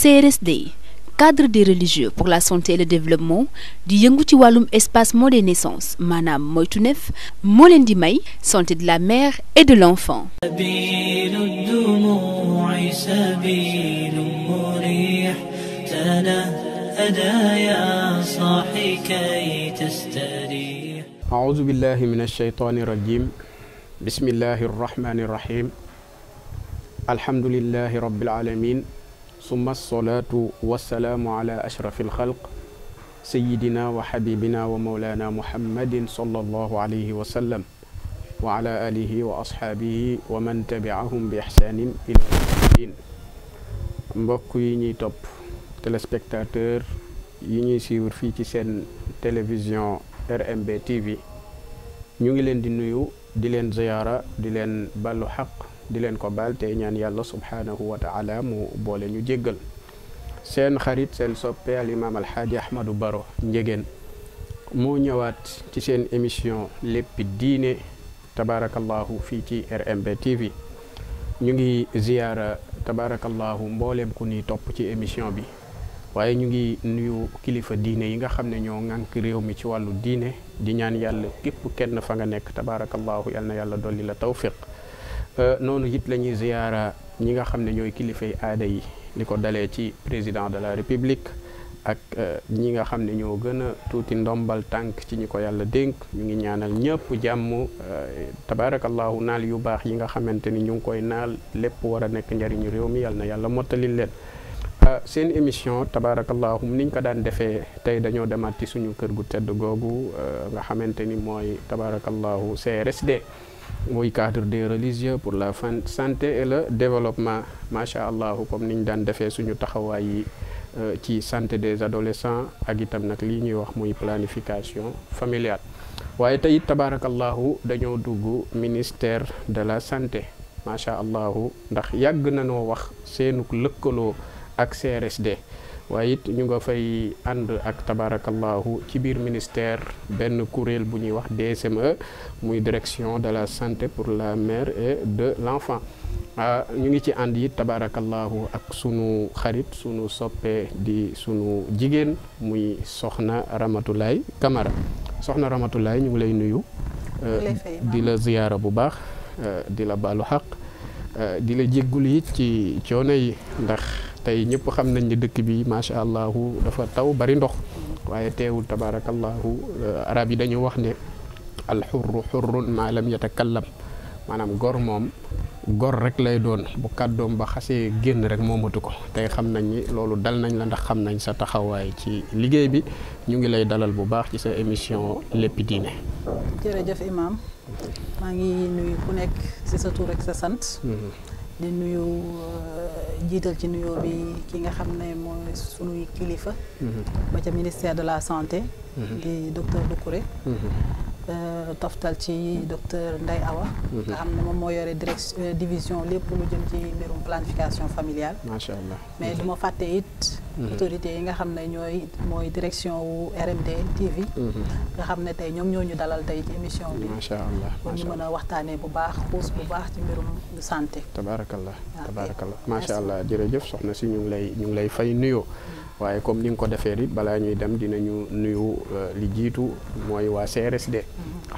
CRSD cadre des religieux pour la santé et le développement di yëngu ci wàllum espacement des naissances maanaam moytu neef moo di may santé de la mère et de l'enfant aoudu billahi min alsheytani irrajim Bismillahir Rahmanir Rahim Alhamdulillahir rabbil alamin ثم الصلاة والسلام على أشرف الخلق سيدنا وحبيبنا ومولانا محمد صلى الله عليه وسلم وعلى آله وأصحابه ومن تبعهم بإحسان إلى الدين مبكي ني توب تيليسبيكتاتور يني سيور في تي تلفزيون RMB TV بي تي في نيغي دي لين زياره دي لين بالو حق di leen ko baal tey ñaan yàlla subhaanahu wa taala mu boole ñu jéggal seen xarit seen soppe al imaam alxaaji ahmadou baro njegéen moo ñëwaat ci seen émission lépp diine tabarakallahu fii ci rmb tv ñu ngi ziyaara tabarakallahu mboolem ku ni topp ci émission bi waaye ñu ngi nuyu kilifa diine yi nga xam ne ñoo ŋànk réew mi ci wàllu diine di ñaan yàlla képp kenn fa nga nekk tabarakallahu yal na yàlla dolli la tawfiq Euh, noonu it lañuy ñuy ziyaara ñi nga xam ne ñooy kilifay aada yi li ko dalee ci président de la république ak euh, ñi nga xam ne ñoo gën a tuuti ndombal tànk ci ñu ko yàlla dénk ñu ngi ñaanal ñëpp jàmm euh, tabaarakallahu naal yu baax yi nga xamante ni ñu ngi koy naal lépp war a nekk njariñu réew mi yàlla na yàlla mottali leen. seen émission tabaarakallahu niñ ko daan defee tey dañoo demaat ci suñu kër gu tedd googu nga xamante ni mooy tabaarakallahu CRSD. muy cadre des religieux pour la fan santé et le développement macha allah comme ni ñu daan defee suñu taxawaay yi euh, ci santé des adolescents ak itam nag lii ñuy wax muy planification familiale. waaye tey it tabaarakallahu dañoo dugg ministère de la santé macha allah ndax yàgg na wax seenu lëkkaloo ak CRSD. waaye it ñu nga fay ànd ak tabarakallahu ci biir ministère benn kuréel bu ñuy wax DSME muy direction de la santé pour la mère et de l'enfant ah, ñu ngi ci ànd it tabarakallahu ak sunu xarit sunu soppe di sunu jigéen muy soxna Ramatoulaye Camara soxna Ramatoulaye ñu ngi lay nuyu ah, di la ziyaara bu baax ah, di la baalu xaq di la jéggul it ci coono yi ndax tey ñëpp xam nañ ne dëkk bi macha allah dafa taw bari ndox waaye teewul tabaarakallahu euh, arab yi dañu wax ne alxurru xurrun maa lam yatakallam maanaam gor moom gor rek lay doon bu kàddoom ba xasee génn rek moomatu ko tey xam nañ ni loolu dal nañ la ndax xam nañ sa taxawaay ci liggéey bi ñu ngi lay dalal bu baax ci sa émission lépp Diine jërëjëf imam maa ngi nuyu ku nekk ci sa tur ak sa sant mm-hmm. di nuyu euh, jiital ci nuyoo bi ki nga xam ne mooy sunuy kilifa. Mhm. ba ca ministère de la santé. Mhm. di docteur Doucouré. Mhm. Euh, toftal ci docteur Ndeye Awa. nga xam ne moom moo yore direction euh, division lépp lu jëm ci mbirum planification familiale. macha allah mais du ma fàtte it Mm-hmm. autorités yi nga xam ne ñooy mooy direction wu RMD TV. Mm-hmm. nga xam ne tey ñoom ñoo ñu dalal tey ci émission bi. macha allah pour ñu mën a waxtaanee bu baax xuus bu baax ci mbirum santé. Ah, macha allah jërëjëf soxna si ñu ngi lay ñu ngi lay fay nuyoo. Mm-hmm. waaye comme ni nga ko defee it balaa ñuy dem dina dinañu nuyu euh, li jiitu mooy waa CRSD.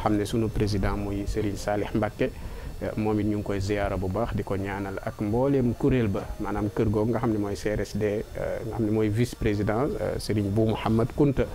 xam ne sunu président mooy Serigne Salih Mbacké. Eh, moom it ñu ngi koy ziyaara bu baax di ko ñaanal ak mbooleem kuréel ba maanaam kër googu nga xam ne CRSD eh, nga xam ne vice président eh, Serigne Bou Mouhamad Kunta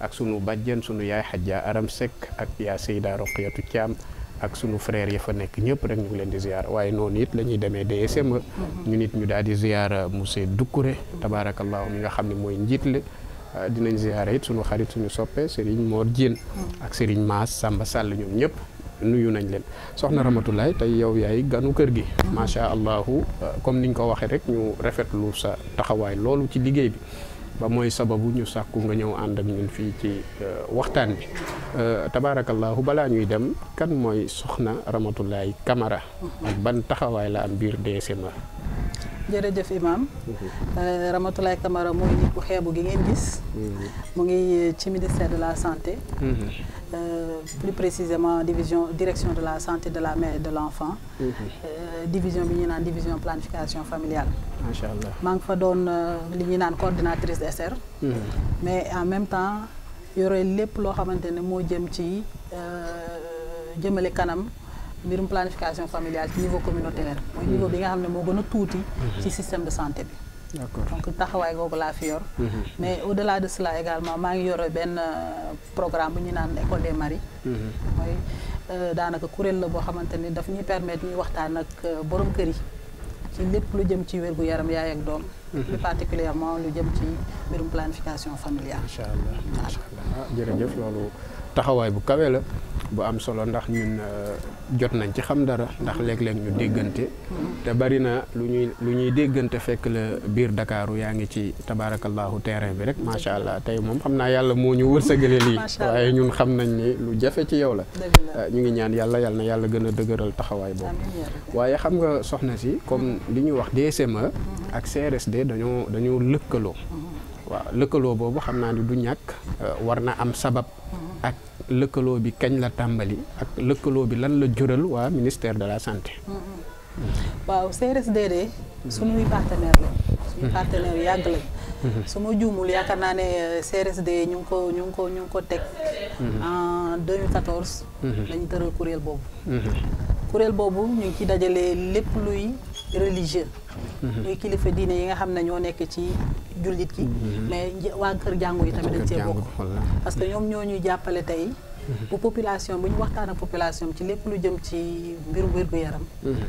ak sunu bàjjen sunu yaay Hadja Aram Seck ak yaa Seyda Roqiyatu Thiam ak sunu frère ya fa nekk ñëpp rek ñu ngi leen di ziyaara waaye noonu it la ñuy demee DSM ñu nit ñu daal di ziyaara monsieur Doucouré tabaarakallaahu mi nga xam ne mooy dinañ ziyaara it sunu xarit suñu soppe Serigne Mor Diène ak Serigne Maas Samba Sall ñoom ñëpp nuyu nañ leen soxna Ramatulaay tey yow yaay ganu kër gi macha allahu ni niñ ko waxee rek ñu rafetlu sa taxawaay loolu ci liggéey bi ba mooy sababu ñu sàkku nga ñëw ànd ak ñun fii ci euh, waxtaan bi euh, tabaarakallahu balaa ñuy dem kan mooy soxna Ramatulaay Camara ak ban taxawaay la am biir DSMA jërëjëf imam mhm. euh, Ramatoulaye Camara mooy nit ku xeebu gi ngeen gis mhm. mu ngi euh, ci ministère de la santé mhm. euh, plus précisément division direction de la santé de la mère et de l'enfant division bi ñu naan division planification familiale macha allah maa ngi fa doon li ñuy naan coordinatrice SR mais en même temps yore lépp loo xamante ne moo jëm ci jëmale kanam mbirum planification familiale ci niveau communautaire mooy niveau bi nga xam mo gëna touti ci système de santé bi d'accord donc taxaway googu la fi yor mhm. mais au delà de cela également ma ngi yore ben programme bu ñu naan école des maris mhm. mooy euh, danaka kurel la bo xamanteni daf ñi permettre ñi waxtaan ak euh, borom kër yi ci lépp lu jëm ci wérgu yaram yaay ak doom mhm. plus particulièrement lu jëm ci mbirum planification familiale inshallah inshallah ah, jërëjëf lolu taxaway bu kawé la bu am solo ndax ñun euh, jot nañ ci xam dara ndax léeg ñu déggante te bari na lu ñuy lu ñuy déggante fekk la biir ndakaaru yaa ngi ci tabaarakallaahu terrain bi rek macha allah tey moom xam naa yàlla moo ñu wërsëgale lii waaye ñun xam nañ ni lu jafe ci yow la ah, ñu ngi ñaan yàlla yàlla na yàlla gën a dëgëral taxawaay boobu waaye xam nga soxna si comme li ñuy wax DSME mm-hmm. ak CRSD dañoo dañoo lëkkaloo mm-hmm. waaw lëkkaloo boobu xam naa ni du ñàkk euh, war na am sabab mm-hmm. ak lëkkaloo bi kañ la tàmbali ak lëkkaloo bi lan la jural waa ministère de la santé. waaw CRSDD suñuy partenaire la suñu mm-hmm. partenaire yàgg lañ mm-hmm. su ma juumul yaakaar naa ne euh, CRSD ñu ngi ko ñu ngi ko ñu ngi ko teg mm-hmm. en 2014 tëral kuréel boobu kuréel boobu ñu ngi ci dajale lépp luy religieux ñuy mhm. kilifa diine yi nga xam ne ñoo nekk ci jullit gi mhm. mais waa kër jàngu yi tamit dañ cee bokk parce que ñoom ñoo ñuy jàppale tey mhm. bu population bu ñu waxtaan a population ci lépp lu jëm ci mbirum wér-gu-yaram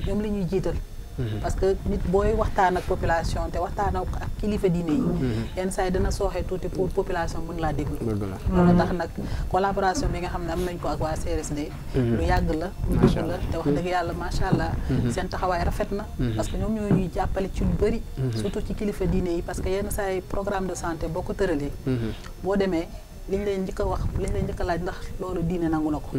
ñoom li jiital Mhm. parce que nit booy waxtaan ak population te waxtaan ak kilifa diine yi. Mhm. yenn saa yi dana sooxee tuuti pour mhm. population mën laa déglu. loolu tax nag collaboration bi nga xam ne am nañ ko ak waa CRSD. lu yàgg la lu dugg la te wax dëgg yàlla macha allah. seen taxawaay rafet na. parce que ñoom ñoo ñuy jàppale ci lu bëri. surtout ci kilifa diine yi parce que yenn saa yi programme de santé boo ko tëralee. boo demee liñ leen njëkk a wax liñ leen njëkk laaj ndax loolu diine nangu na ko.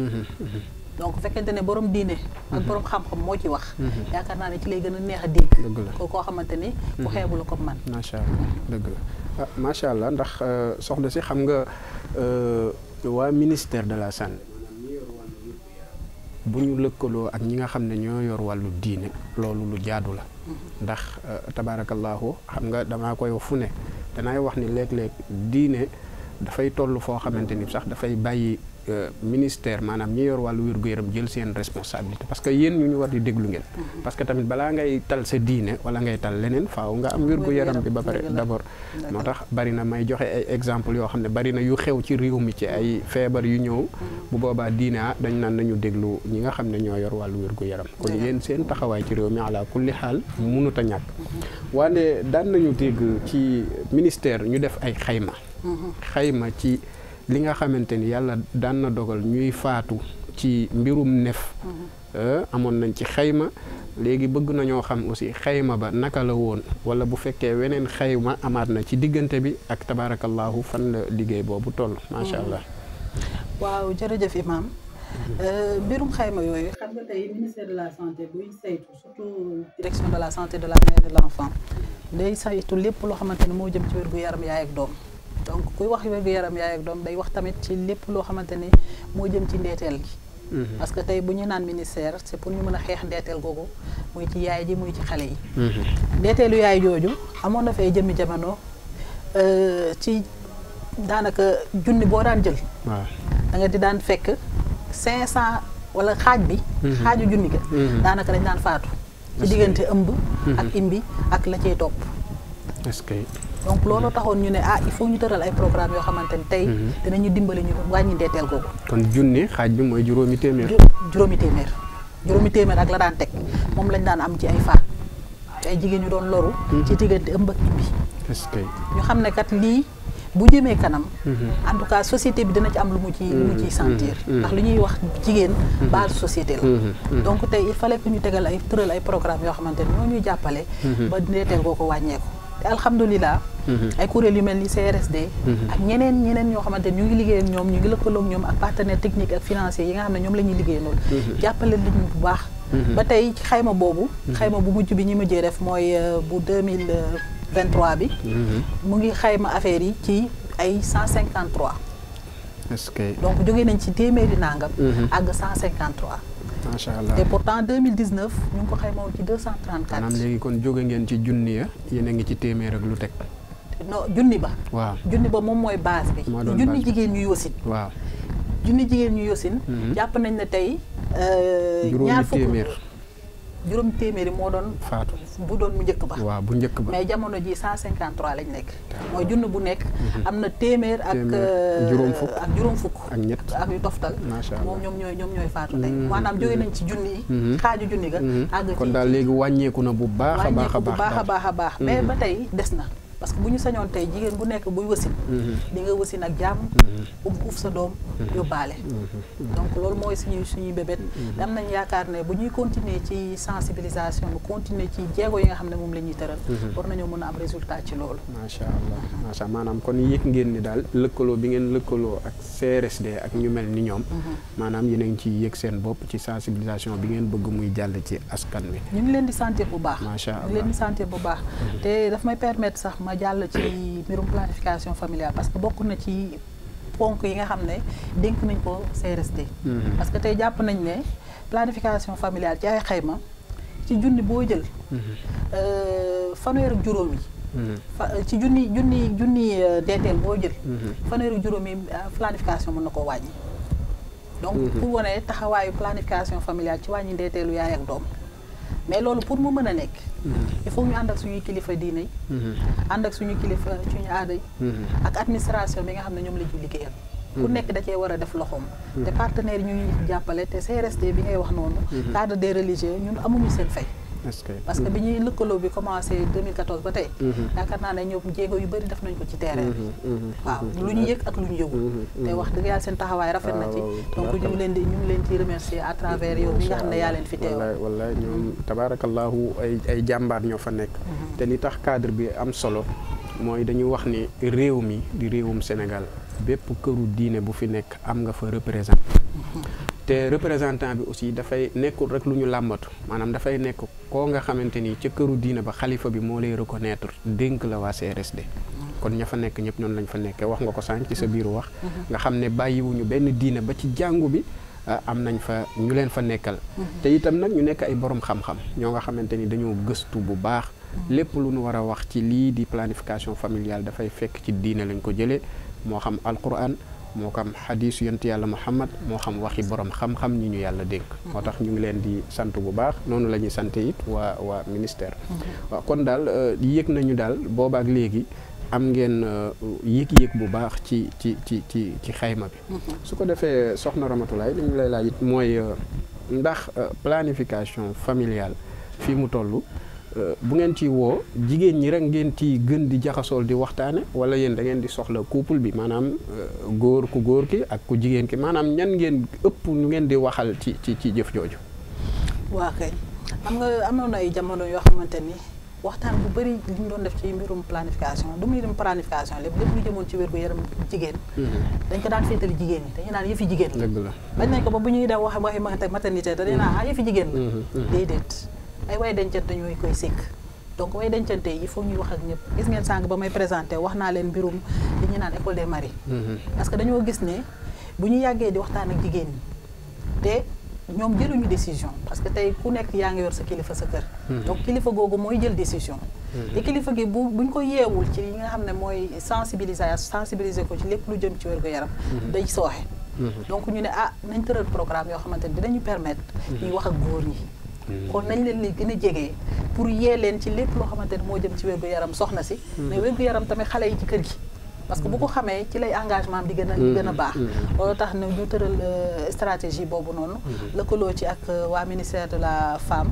donc fekkente ne borom diine ak mhm. borom xam-xam moo ci wax mhm. yaakaar naa ne ci lay gën a neex a dégg ko koo xamante ni ku mhm. xeebu la ko man macha allah dëgg la ah, allah ndax euh, soxla si xam nga euh, waa ministère de la santé bu ñu lëkkaloo ak ñi nga xam ne ñoo yor wàllu diine loolu lu jaadu la ndax euh, tabaarakallaahu xam nga dama koy wax fu ne danaay wax ni léeg-léeg diine dafay toll foo xamante ni sax dafay bàyyi Euh, ministère maanaam ñi yor wàllu wér yaram jël seen responsabilité parce que yéen ñu ñu war di déglu ngeen. Mhm. parce que tamit balaa ngay tal sa diine wala ngay tal leneen faaw nga am wér yaram bi ba pare d'abord moo tax bari na may joxe ay exemple yoo xam ne bari na yu xew ci réew mi ci ay feebar yu ñëw mhm. bu boobaa diine ah dañ naan nañu déglu ñi nga xam ne ñoo yor wàllu wirgu yaram kon yéen seen taxawaay ci réew mi ala kulli xaal mënut a ñàkk mhm. wante daan nañu dégg ci ministère ñu def ay xayma ci li nga xamante ni yàlla daan na dogal ñuy faatu ci mbirum nef amoon nañ ci xayma léegi bëgg nañoo xam aussi xayma ba naka la woon wala bu fekkee weneen xayma amaat na ci diggante bi ak tabaarakallaahu fan la liggéey boobu toll macha allah waaw jërëjëf imaam mbirum xayma yooyu xam nga tey ministère de la santé buy saytu surtout direction de la santé de la mère et de l' enfant day saytu lépp loo xamante ne moo jëm ci wér gu yaram yaay ak doom donc kuy wax wér-gu-yaram yaay ak doom day wax tamit ci lépp loo xamante ni moo jëm ci ndeeteel gi. Mhm. parce que tey bu ñu naan ministère c'est pour ñu mën a xeex ndeeteel googu muy ci yaay ji muy ci xale yi. Mhm. ndeeteelu yaay jooju amoon na fay jëmmi jamono euh, ci daanaka junni boo daan jël. da nga di daan fekk cinq cent wala xaaj bi. Mhm. xaaju junni ga. daanaka dañ daan faatu. ci diggante ëmb. ak imbi ak la ciy topp. donc loolu taxoon ñu ne ah il faut ñu tëral ay programme yoo xamante ne tey mhm. dinañu dimbali ñu wàññi ndeeteel googu kon junni xaaj bi mooy juróomi téeméer juróomi téeméer juróomi téeméer ak la daan teg moom lañ daan am ci ay faat ci ay jigéen ñu doon loru mhm. ci diggante ëmb ak que ñu xam ne kat lii bu jëmee kanam mhm. en tout cas société bi dina ci am lu mu ci lu mu ciy sentir ndax lu ñuy wax jigéen base société la donc tey il fallait que ñu tegal ay tëral ay programme yoo xamante ne ñoo ñuy jàppale ba ndeeteel googu wàññeeku alhamdulilah. Mhm. ay kuréel yu mel ni CRSD. Mhm. ak ñeneen ñeneen ñoo xamante ne ñu ngi liggéey ak ñoom ñu ngi lëkkaloog ñoom ak partenaire technique ak financier yi nga xam ne ñoom la liggéey noonu. Mhm. jàppale nit ñi bu baax. ba tey xayma boobu. xayma bu mujj bi ñu mujjee def mooy euh, bu deux mille vingt trois bi. mu ngi xayma affaire yi ci ay cent cinquante trois. donc jógee nañ ci téeméeri nangam. àgg cent cinquante trois. macha allah te pourtant 2019 ñu ngi ko xayma woon ci 234. léegi kon jóge ngeen ci junni ya yéen a ngi ci téeméer ak lu teg. non junni ba. waaw junni ba moom mooy base bi. junni jigéen ñu yosin. waaw junni jigéen ñu yosin. Mhm. jàpp nañ ne tey. Euh, ñaar fukk juróom téeméeri moo doon. faatu bu doon mu njëkk ba. waaw bu njëkk ba mais jamono ji 153 lañ nekk. mooy junn bu nekk. Mhm. am na téeméer ak. Euh, juróom fukk ak juróom fukk. ak ñett ak yu toftal. moom ñoom ñooy ñoom ñooy faatu tey. Mhm. maanaam jóge nañ ci junni yi. Mhm. xaaju junni ga. kon daal léegi wàññeeku na bu baax baax a baax. wàññeeku bu baax a baax a baax mais ba tey des na. parce que bu ñu sañoon tey jigéen bu nekk buy wasin mhm. di nga wasin ak jàmm um uuf sa doom mhm. yóbbaale donc loolu mooy suñuy suñuy bébét am nañ yaakaar ne bu ñuy continuer ci sensibilisation bi continuer ci jéego yi nga xam ne moom la ñuy tëral war nañoo mën a am résultat ci loolu macha allah macha maanaam kon yëg ngeen ni daal lëkkaloo bi ngeen lëkkaloo ak CRSD ak ñu mel ni ñoom maanaam yéen a ngi ci yëg seen bopp ci sensibilisation bi ngeen bëgg muy jàll ci askan wi ñu ngi leen di sentir bu baax macha allah ñu ngi leen bu baax ma jàll ci mbirum planification familiale parce que bokk na ci ponk yi nga xam ne dénk nañ ko CRSD. Mhm. parce que tey jàpp nañ ne planification familiale ci ay xayma ci junni boo jël. Mhm. Euh, fanweer juróom yi. Mhm. ci junni junni junni euh, DTL boo jël. fanweer ak juróom yi euh, planification mën na koo wàññi. donc pour wane taxawaayu planification familiale ci wàññi DTL yaay ak doom. mais loolu pour mu mën a nekk. Mm-hmm. il faut ñu ànd ak suñuy kilifa diine yi. Mm-hmm. ànd ak suñu kilifa suñu aada yi. Mm-hmm. ak administration bi nga xam ne ñoom la ñuy liggéeyal. ku nekk da cee war a def loxoom. te partenaires ñuy jàppale te CRSD bi ngay wax noonu. cadre des religieux ñun amuñu seen fay. parce que bi ñuy lëkkaloo bi commencé 2014 ba tey mm-hmm. yaakaar naa ne ñoom jéego yu bëri def nañ ko ci terrain bi mm-hmm. Mm-hmm. waaw lu ñu yëg ak lu ñu yëgul te wax dëgg yàlla seen taxawaay rafet na ci donc ñu leen di ñu ngi leen ci remercier à travers yow mi xam ne yaa leen fi teew wallaay ñoom tabaarakallaahu ay ay jàmbaar ñoo fa nekk te li tax cadre bi am solo mooy dañuy wax ni réew mi di réewum Sénégal bépp këru diine bu fi nekk am nga fa représenté te représentant bi aussi dafay nekkul rek lu ñu làmbatu maanaam dafay nekk koo nga xamante ni ca këru diina ba xalifa bi moo lay reconnaître dénk la waa de kon ña fa nekk ñëpp noonu lañ fa nekkee wax nga ko sànq ci sa biiru wax. Mm-hmm. nga xam ne bàyyiwuñu benn diina ba ci jàngu bi. Ah, am nañ fa ñu leen fa nekkal. Mm-hmm. te itam nag ñu nekk ay borom xam-xam ñoo nga xamante ni dañoo gëstu bu baax. Mm-hmm. lépp lu ñu war a wax ci lii di planification familiale dafay fekk ci diine lañ ko jëlee moo xam alquran. moo kam xadiis yontu yàlla muhammad moo xam waxi borom xam-xam ñi ñu yàlla dénk moo tax ñu ngi leen di sant bu baax noonu la ñuy sant waa waa ministère mhm. waaw kon daal euh, yéeg nañu daal boobaak léegi am ngeen euh, yëg-yëg bu baax ci ci ci ci ci xayma bi mhm. su ko defee soxna Ramatulaay li ñu lay laaj mooy euh, ndax planification familiale fii mu toll Euh, bu ngeen ciy woo jigéen ñi rek ngeen ciy gën di jaxasool di waxtaane wala yéen da ngeen di soxla couple bi maanaam euh, góor ku góor ki ak ku jigéen ki maanaam ñan ngeen ëpp ñu ngeen di waxal ci ci ci jëf jooju. waa kay am nga amoon na ay jamono yoo xamante ni waxtaan bu bëri li ñu doon def ci mbirum planification du muy dem planification lépp lépp lu jëmoon ci wérgu yaram jigéen mm-hmm. dañ ko daan féetali jigéen ñi dañu naan yëfi jigéen la bañ nañ ko ba bu ñuy dem wax waxi maternité dañu naan ah yëfi jigéen la mm-hmm. Mm-hmm. déedéet ay way dencante ñooy koy sikk donc way dencante yi il faut ñuy wax ak ñëpp gis ngeen sàng ba may présenté wax naa leen mbirum li ñu naan école des maris mhm. parce que dañoo gis ne bu ñu yàggee di waxtaan ak jigéen ñi te ñoom jëluñu décision parce que tey ku nekk yaa ngi yor sa kilifa sa kër mhm. donc kilifa googu mooy jël décision mhm. te kilifa gi bu buñ ko yeewul ci yi nga xam ne mooy sensibiliser sensibiliser ko ci lépp lu jëm ci wér-gu-yaram day sooxe donc ñu ne ah nañ tëral programme yoo xamante ne dinañu permettre ñu wax ak góor yi Mm. kon nañ leen ni gën a jege pour yee leen ci lépp loo xamante ne moo jëm ci wér-gu-yaram soxna si mm. mais wér-gu-yaram tamit xale yi ci kër gi parce que bu mm. ko xamee ci lay engagement am di gën a gën a baax loolu tax na ñu tëral euh, stratégie boobu noonu lëkkaloo ci ak euh, waa ministère de la femme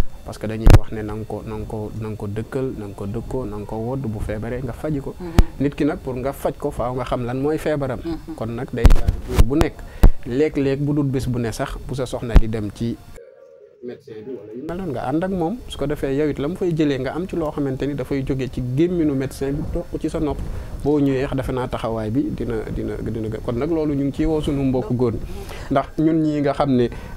parce que dañuy wax ne na ko na nga ko na ko dëkkal na ko dëkkoo na ko wodd bu feebaree nga faji ko mhm. nit ki nag pour nga faj ko faaw nga xam lan mooy feebaram mhm. kon nag day jaar bu nekk léeg-léeg bu dul bés bu ne sax bu sa soxna di dem ci médecin bi wala nga ànd ak moom su ko defee yow it la mu fay jëlee nga am ci loo xamante ni dafay jóge ci gémminu médecin ci sa nopp boo ñëwee ah, defe naa taxawaay bi dina dina dina kon nak lolu ñu ci ciy woo mbokk goor ndax ñun ñi nga xam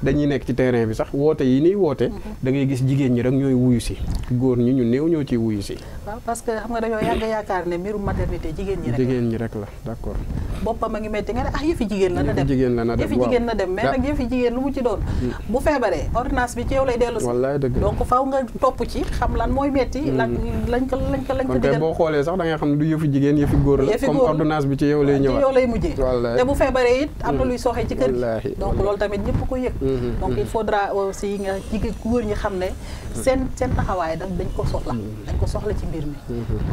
dañuy nekk ci terrain bi sax woote yi ni woote da ngay gis jigéen ñi rek ñoy wuyu ci goor ñi ñu neew ñoo ci wuyu ci parce que xam nga dañoo yag yaakar ne miru maternité jigéen ñi rek jigéen ñi rek la d'accord bopam ngi metti nga ah yefi jigéen la na dem jigéen la na dem yefi jigéen na dem mais nak yefi jigéen lu mu ci doon mm. bu feebaree ordonnance bi ci yow lay dellu si wallaay dëgg donc faaw nga top ci xam lan moy metti lan mm. lañ ko lañ ko lañ ko digal bo xolé sax da ngay xam du yefi jigéen yefi yëfi góor comme ordonnance bi ci yow lay ñëwaat ci yow lay mujjee te bu feebaree it am na luy soxé ci kër gi donc lool tamit ñëpp ko yëg mm-hmm, donc il mm-hmm. faudra aussi nga ci góor ñi xam ne mm-hmm. sen seen taxawaay dañ ko soxla dañ ko soxla ci mbir mi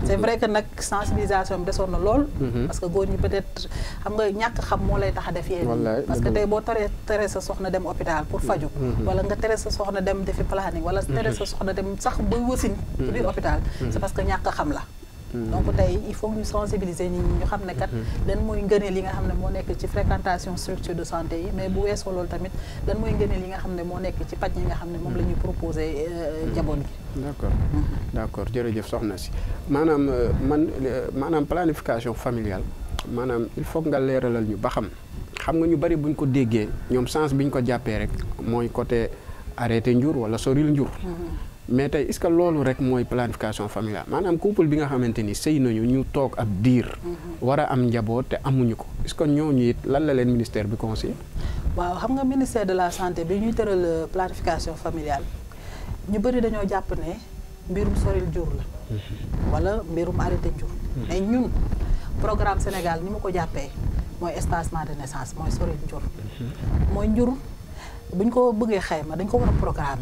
c'est vrai que nak sensibilisation bi desoon na lool parce que goor ñi peut-être xam nga ñak xam mo lay tax def yéen parce que tay bo teree tere sa soxna dem hôpital pour faju wala nga tere sa soxna dem defi planning wala tere sa soxna dem sax boy wosin ci biir hôpital c'est parce que ñak xam la donc il faut que sensibiliser sensibilisons, ñu kat mhm. nga nekk ci fréquentation structure de santé mais bu tamit nekk ci yi nga euh, mhm. d'accord mhm. d'accord jërëjëf soxna euh, man euh, planification familiale il faut nga nous ñu ba xam nga ñu bari buñ ko déggé ñom sens biñ ko jappé rek moy côté arrêté mais tey est-ce que loolu rek mooy planification familiale maanaam couple bi nga xamante ni sëy nañu ñu toog ab diir. Mhm. war a am njaboot te amuñu ko est-ce que ñooñu it lan la leen ministère bi conseillé. waaw xam nga ministère de la santé bi ñuy tëral euh, planification familial ñu bëri dañoo jàpp ne mbirum soril jur la. Mhm. wala mbirum arrêté jur. Mhm. mais ñun programme Sénégal ni mu ko jàppee mooy espacement de naissance mooy soril jur. mooy njur bu ñu ko bëggee xayma dañ ko war a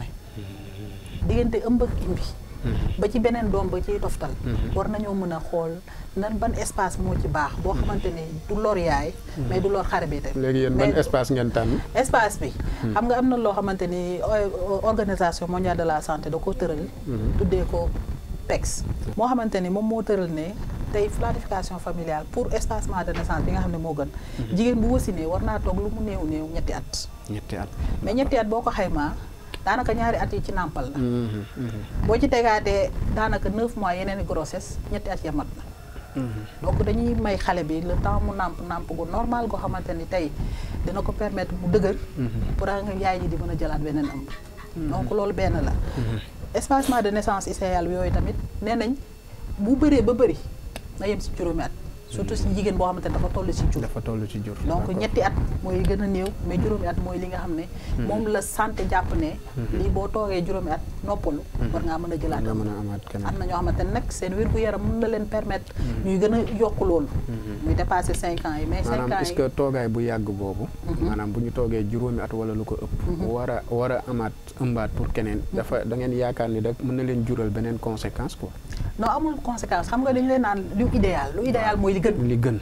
diggante ëmb ak bi mhm. ba ci beneen doom ba ciy toftal mhm. war nañoo mën a xool nan ban espace moo ci baax boo mhm. xamante ne du lor yaay mais du lor xare bi tam léegi yéen ban espace ngeen tànn espace bi xam nga am na loo xamante ni euh, organisation mondiale de la santé da ko tëral tuddee ko PEX moo xamante ni moom moo tëral ne tey planification familial pour espacement de naissance bi nga xam ne moo gën jigéen bu wasinee war naa toog lu mu néew néew ñetti at ñetti at mais ñetti at boo ko xaymaa daanaka ñaari at yi ci nàmpal la mm-hmm, mm-hmm. boo ci tegaatee daanaka neuf mois yeneen i grossesse ñetti at ya mat mm-hmm. donc dañuy may xale bi le temps mu nàmp nàmp gu normal goo xamante ni tey dina ko permettre mu dëgër pour nga yaay ji di mën a jëlaat beneen ëmb donc loolu benn la espacement de naissance idéal yooyu tamit nee nañ bu bëree ba bëri na yem si juróomi at surtout si jigéen boo xamante ne dafa toll ci jur. dafa ci jur donc ñetti at mooy gën a néew mais juróomi at mooy li nga xam ne. Hmm. moom la sante jàpp ne. Hmm. lii boo toogee juróomi at noppalu. Hmm. war ngaa mën a jëlaat am am na xamante ne nag seen wér gu mën na leen permettre. ñuy gën a yokk loolu. dépassé cinq yi maanaam est que toogaay bu yàgg boobu. maanaam bu ñu toogee juróomi at wala lu ko ëpp. war a war a amaat ëmbaat pour keneen. dafa da ngeen yaakaar ni rek mën na leen jural beneen conséquence quoi. non amul conséquence xam nga dañu leen naan lu idéal lu idéal mooy li gën. li gën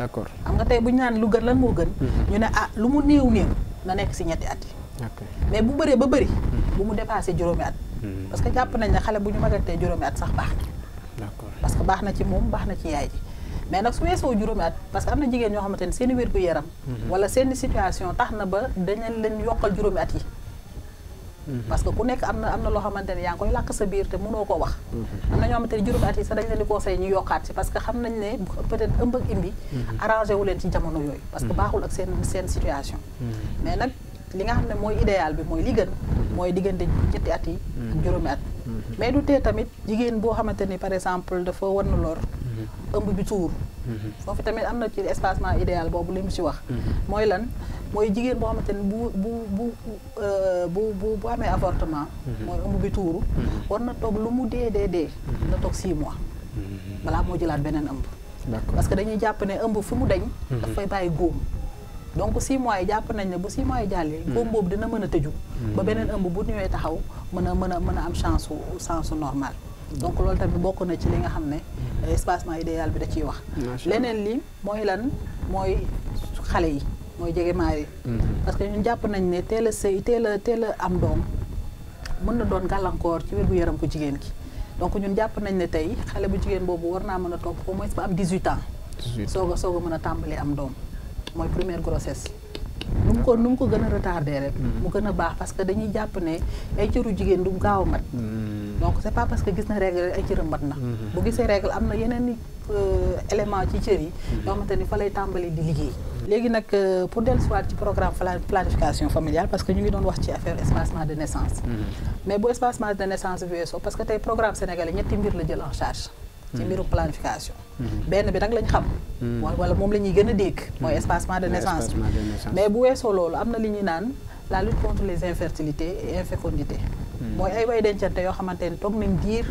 d'accord. xam nga tey bu ñu naan lu gën lan moo gën. Mm-hmm. ñu ne ah lu mu néew néew na nekk si ñetti at yi. mais bu bëree ba bëri. Mm-hmm. bu mu dépassé juróomi at. Mm-hmm. parce que jàpp nañ ne xale bu ñu magantee juróomi at sax baax na. d'accord parce que baax na ci moom baax na ci yaay mais nag su weesoo juróomi at parce que am na jigéen ñoo xamante ne seeni wér gu yaram. wala seeni situation tax na ba dañ leen yokkal juróomi yi. Mhm. parce que ku nekk am na am na loo xamante ne yaa ngi koy làkk sa biir te mënoo ko wax mhm. am na ñoo xamante ne juróomi at yi sax dañ leen di conseillé ñu yokkaat ci parce que xam nañ ne peut ëmb ak imbi mhm. arrangé wu leen ci jamono yooyu parce que baaxul ak seen seen mais nag li nga xam ne mooy idéal bi mooy li gën mooy diggante ñetti at yi ak juróomi at mais du tee tamit jigéen boo xamante ni par exemple dafa na lor ëmb bi tuur foofu tamit am na ci espacement idéal boobu li mu ci wax mooy lan mooy jigéen boo xamante ni bu bu bu euh, bu bu amee avortement. Mhm. mooy ëmb bi tuuru. Mhm. war na toog lu mu dee dee dee. Mhm. na toog 6 mois. balaa moo jëlaat beneen ëmb. d'accord parce que dañuy jàpp ne ëmb fu mu dañ. dafay bàyyi góom. donc 6 mois yi jàpp nañ ne bu 6 mois yi jàllee. góom boobu dina mën a tëju. ba beneen ëmb bu ñëwee taxaw mën a mën a mën a am chance su chance normal donc loolu tamit bokk na ci li nga xam ne. espacement idéal bi da ciy wax. leneen li mooy lan mooy xale yi. mooy jege maari mm-hmm. parce que ñun jàpp nañ ne teel a sëy teel a am doom mën na doon gàllankoor ci wérgu yaram ku jigéen ki donc ñun jàpp nañ ne tey xale bu jigéen boobu war naa mën a toog au moins ba am 18 ans soog a soog mën a tàmbali am doom mooy première grossesse nu mu ko nu mu ko gën a retardé mm-hmm. mu gën a baax parce que dañuy jàpp ne ay cëru jigéen du gaaw a mat mm-hmm. donc c'est pas parce que gis na règle ay ci mat na. Mhm. bu gisee règle am na yeneen euh, élément ci ciëri yi. Mhm. yoo xamante fa lay tambali di liggéey. Légui nak euh, pour soir ci programme planification familiale parce que ñu ngi doon wax ci affaire espacement de naissance. Mhm. mais bu espacement de naissance weesoo parce que tay programme sénégalais ñetti mbir la jël en charge. ci mbirum planification. benn bi nag lañ xam. wala moom la ñuy gën a dégg. mooy espacement de naissance mais bu weesoo loolu am na li ñuy la lutte contre les infertilités et infécondités. mooy ay way dencante yoo xamante ni toog nañ diir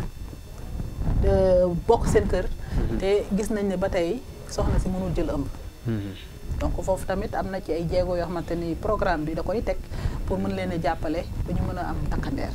bokk seen kër. Mhm. te gis nañ ne ba tey soxna si mënul jël ëmb. Mhm. donc foofu tamit am na ci ay jéego yoo xamante ni programme bi da koy teg pour mën leen a jàppale ba ñu mën a am takkandeer.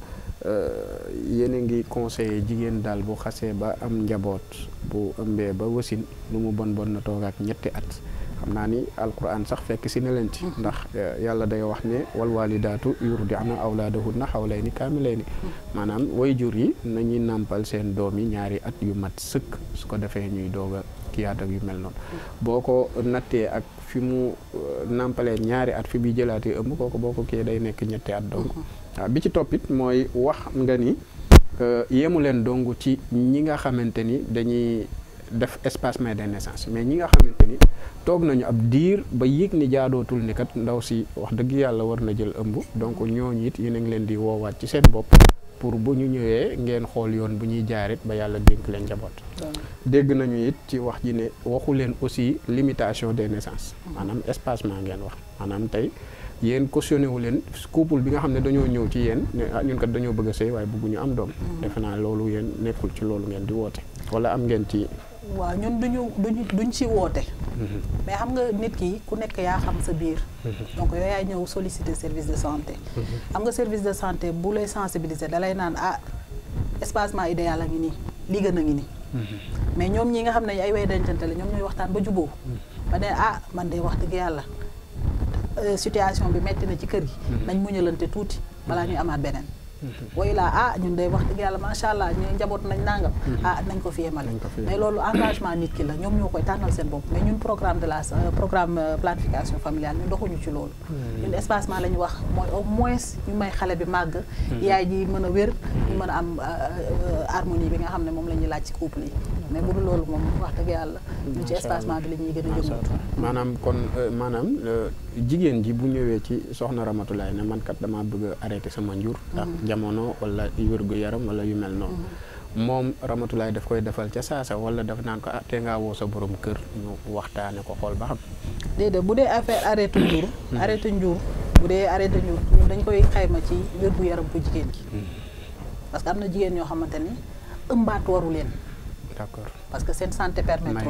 Euh, yéen a ngi conseillé jigéen daal bu xasee ba am njaboot bu ëmbee ba wasin lu mu bon bon na toog ak ñetti at xam naa ni alquran sax fekk si ne leen ci mm-hmm. ndax euh, yàlla day wax ne wal walidaatu ni awlaadahunna hawlayni ni mm-hmm. maanaam way jur yi nañuy nàmpal seen doom yi ñaari at yu mat sëkk su ko defee ñuy doog a yu mel noonu mm-hmm. boo ko nattee ak fi mu euh, nàmpalee ñaari at fi muy jëlaatee ëmb kooku boo ko kiyee day nekk ñetti at donc waaw ah, bi ci toppit mooy wax nga ni euh, yemu leen dong ci ñi nga xamante ni dañuy def espacement de naissances mais ñi nga xamante ni toog nañu ab diir ba yëg ni jaadootul ni kat ndaw si wax dëgg yàlla war na jël ëmb donc ñooñu it yéen a ngi leen di woowaat ci seen bopp pour bu ñu ñëwee ngeen xool yoon bu ñuy jaarit ba yàlla dénk leen njaboot dégg nañu it ci wax ji ne waxu leen aussi limitation des naissances maanaam espacement ngeen wax maanaam tey yéen cautionné wu leen couple bi nga xam ne dañoo ñëw ci yéen ne ah ñun kat dañoo bëgg a sëy waaye bëgguñu am doom. Mm. defe naa loolu yéen nekkul ci loolu ngeen di woote wala am ngeen ci. waaw ñun duñu duñu duñ ci woote. Mm-hmm. mais xam nga nit ki ku nekk yaa xam sa biir. Mm-hmm. donc yow yaay ñëw solliciter service de santé. Mm-hmm. xam nga service de santé bu lay sensibiliser da lay naan ah espacement idéal a ngi nii lii gën a ngi nii. mais ñoom ñi nga xam ne ay way dencante la waxtaan ba juboo ba ne ah man de wax dëgg yàlla. Euh, situation bi metti na ci kër gi mhm. nañ muñalante tuuti balaa ñuy amaat beneen mhm. woy laa ah ñun day wax dëgg yàlla macha allah ñu njaboot nañ nangam mhm. ah nañ ko fi yemale mais loolu engagement nit ki la ñoom ñoo koy tànnal seen bopp mais ñun programme de la euh, programme euh, planification familiale ñun doxuñu ci loolu ñun espacement la ñu wax mooy au moins ñu may xale bi màgg yaay ji mën a wér ñu mën a am harmonie bi nga xam ne moom la ñuy laaj ci couple yi mais bu loolu moom wax dëgg yàlla ñun ci espacement bi la gën a jëmatu maanaam kon maanaam Jigen ji bu ñëwé ci soxna Ramatulaay ne man kat dama bëgg a arrêté sama njur mm-hmm. ak jamono wala gu yaram wala yu mel noonu mom mm-hmm. Ramatulaay daf koy defal ci saasa wala daf nan ko ah nga wo woo sa borom kër ñu waxtaane ko xol ba xam déedéet bu dé affaire arrêté njur mm-hmm. arrêté njur bu dé arrêté njur ñu dañ koy xayma ci gu yaram bu jigen gi parce que amna jigen xamanteni ëmbaat waru len d'accord parce que sen santé permettre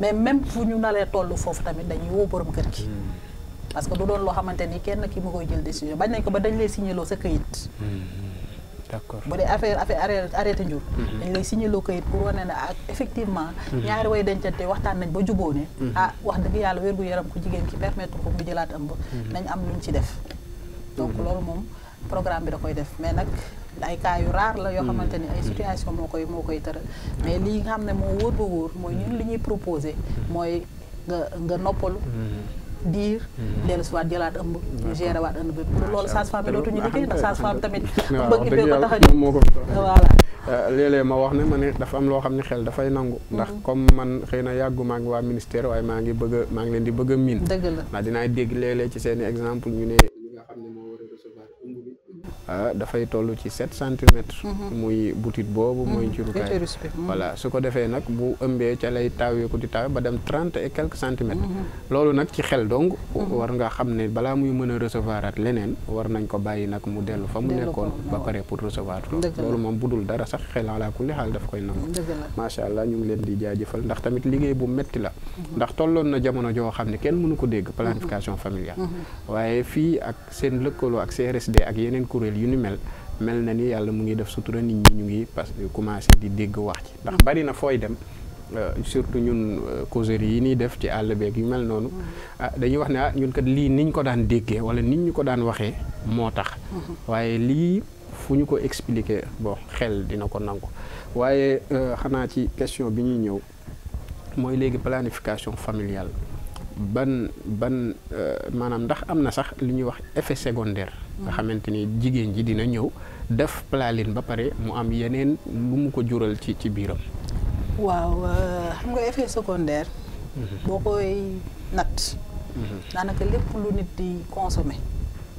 mais même fu ñu nalé tollu fofu tamit dañuy wo borom kër gi parce que du doon loo xamante kenn ki mu koy jël décision bañ nañ ko ba dañ lay signé lo sa kayit mm-hmm. d'accord bu dee affaire affaire arrêté ndiour mm-hmm. dañ lay signé lo kayit pour wane na ah, effectivement. Mm-hmm. ñaari way dencante waxtaan nañ ba juboo ah wax dëgg yalla wër gu yaram ku jigéen ki permettre ko mu jëlaat ëmb. nañ am luñ ci def. donc loolu mom programme bi da koy def mais nak ay cas yu raar la yoo xamante ni ay situation moo koy moo koy tëral mais lii nga xam ne moo wóor ba wóor mooy ñun li ñuy proposé mooy nga nga noppalu diir mhm. dellu si waat jëlaat ëmb ñu gérer waat ëmb bi pour loolu sage-femme dootuñu liggéey ndax sage-femme ko tax a jóg voilà euh, léeg-léeg ma wax ne ma ne dafa am loo xam ne xel dafay nangu mhm. ndax comme man xëy na yàgguma ak waa ministère waaye maa ngi bëgg maa ngi leen di bëgg a miin dëgg la ndax dinaay dégg léeg ci seen i exemple ñu ne Ah, dafay tollu ci 7 cm mhm. muy bobu boobu mooy mhm. njurukaay. Mhm. voilà su ko defé nak bu ëmbé ci lay taawee ko di taawee ba dem 30 et quelques cm lolu nak ci xel dong war nga xamné bala balaa muy mëna recevoir at lenen war nañ ko bayyi nak mu delu fa mu ba paré pour recevoir lolu mom budul dara sax xel ala kulli hal daf koy ma sha allah ñu ngi leen di jaajeufal ndax tamit liggéey bu metti la. ndax tollon na jamono jo xamné kenn mënu ko dégg planification familiale. waaye fi ak seen lëkkaloo ak CRSD ak yenen kuréel yu ni mel mel na ni yàlla mu ngi def sutura nit ñi ñu ngi parce que commencé di dégg wax ci ndax bari na fooy dem euh, surtout ñun euh, causerie yi ñuy def ci àll beeg yu mel noonu mm-hmm. ah, dañuy wax ne ah ñun kat lii niñ ko daan déggee wala nit ñu ko daan waxee moo tax mm-hmm. waaye lii fu ñu ko expliquer bon xel dina ko nangu waaye euh, xanaa ci question bi ñuy ñëw mooy léegi planification familiale ban ban maanaam ndax am na sax li ñuy wax effet secondaire nga xamante ni jigéen ji dina ñëw def plaline ba pare mu am yeneen lu mu ko jural ci ci biiram. waaw euh, xam nga effet secondaire. Mhm. boo koy natt. Mhm. daanaka lépp lu nit di consomé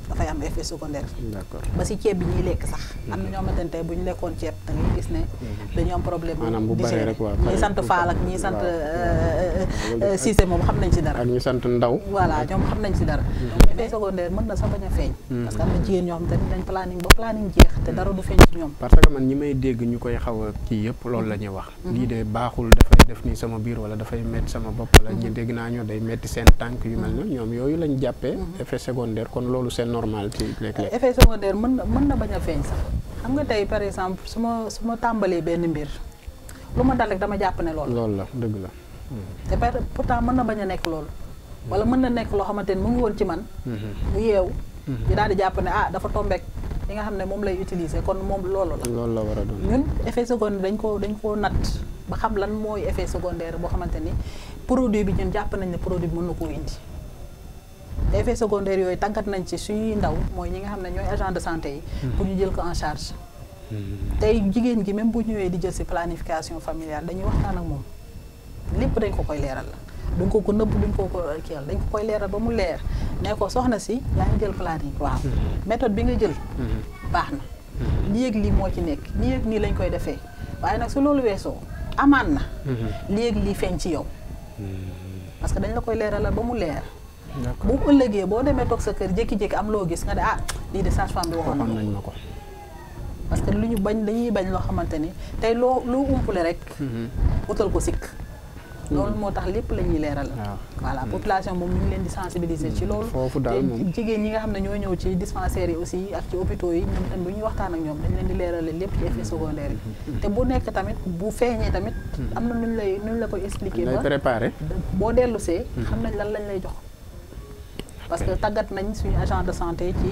dafay am effet secondaire. d'accord ba si ceeb bi ñuy lekk sax. am na ñoo ne tey bu ñu lekkoon ceeb da ngay gis ne. Mhm. dañu problème maanaam bu bëree rek waaw ñi sant Fall ak ñi sant Cissé moom xam nañ si dara. ak ñi sant Ndaw. voilà ñoom xam nañ si dara. Mhm. effet secondaire mhm. parce que am na jigéen ñoo xamante ne dañ planning ba planning jeex te dara du feeñ ci ñoom. parce que man ñi may dégg ñu koy xaw a kii yëpp loolu la ñuy wax. lii de baaxul dafay def nii sama biir wala dafay metti sama bopp. wala ñu dégg naa ñoo day metti seen tànk yu mel na ñoom yooyu lañ jàppee effet secondaire kon normal ci lek lek effet secondaire mën mën na baña feñ sax xam nga tay par exemple suma suma tambalé ben mbir luma dal rek dama japp né lool lool la deug la té par pourtant mën na baña nek lool wala mën na nek lo xamanteni mu ngi won ci man mhm. mu yew mhm. ñu dal di japp né ah dafa tombeek li nga xamné mom lay utiliser kon mom lool la lool la wara doon ñun effet secondaire dañ ko dañ ko nat ba xam lan moy effet secondaire bo xamanteni produit bi ñun japp nañ ne produit mënu ko indi effets secondaires yooyu tàggat nañ ci suñuy ndaw mooy ñi nga xam ne ñooy agent de santé yi hmm. pour ñu jël ko en charge hmm. tey jigéen gi même bu ñëwee di jël si planification familiale dañuy waxtaan ak moom lépp dañ ko koy leeral la duñ ko ko nëbb duñ ko ko kiyal dañ ko koy leeral ba mu leer nee ko soxna si yaa ngi jël planning waaw hmm. méthode bi nga jël baax na lii ak lii moo ci nekk lii ak nii lañ koy defee waaye nag su loolu weesoo amaan na lii ak lii feeñ ci yow parce que dañ la koy leeralal ba mu leer bu ëllëgee boo demee toog sa kër jékki-jékki am loo gis nga ne ah lii de sage-femme bi waxoon nañ ma ko parce que lu ñu bañ dañuy bañ loo xamante ni tey loo loo umpule rek mhm. utal ko sikk loolu mhm. moo tax lépp la ñuy leeral ah. voilà mhm. population moom ñu leen di sensibiliser ci loolu foofu daal moom jigéen ñi nga xam ne ñoo ñëw ci dispensaires yi aussi ak yi ñoom tam waxtaan ak ñoom dañ leen di leerale lépp ci effet te bu nekk tamit bu feeñee tamit am na nuñ lay la koy expliquer ba préparé boo dellusee xam nañ lan lañ lay jox parce que tagat nañ suñu agent de santé ci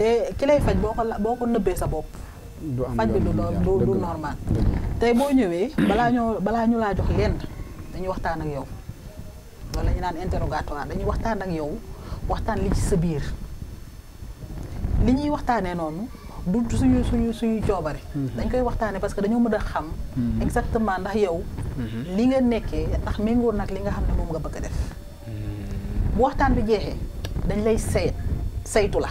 te ki lay faj boo ko boo ko nëbbee sa bopp. du am faj bi du du du normal. boo ñëwee balaa ñoo balaa ñu laa jox lenn dañuy waxtaan ak yow loolu la ñu naan dañuy waxtaan ak yow waxtaan li ci sa biir li ñuy waxtaanee noonu. du suñu suñu suñu coobare. Mhm. dañ koy waxtaanee parce que dañoo mën a xam. Mhm. exactement ndax yow. Mhm. li nga nekkee ndax méngóo nag li nga xam ne moom nga bëgg a def. bu waxtaan bi jeexee dañ lay say saytu la.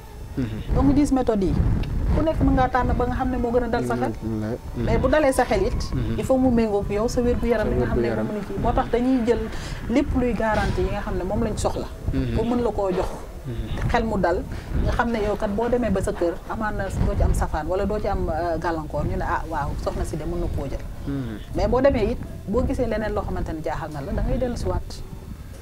Mm-hmm. donc dix méthodes yi ku nekk mën ngaa tànn ba nga xam ne moo gën a dal sa xel mm-hmm. Mm-hmm. mais bu dalee sa xel it il faut mu méngoog yow sa wér gu yaram bi nga xam ne moom la ci moo tax dañuy jël lépp luy garantie yi nga xam ne moom lañ soxla pour mën la koo jox xel mu dal nga xam ne yow kat boo demee ba sa kër amaan na doo ci am safaan wala doo ci am euh, gàllankoor ñu ne ah waaw soxna si de mën na koo jël mais boo demee it boo gisee leneen loo xamante ne jaaxal na la da dellu dellusiwaat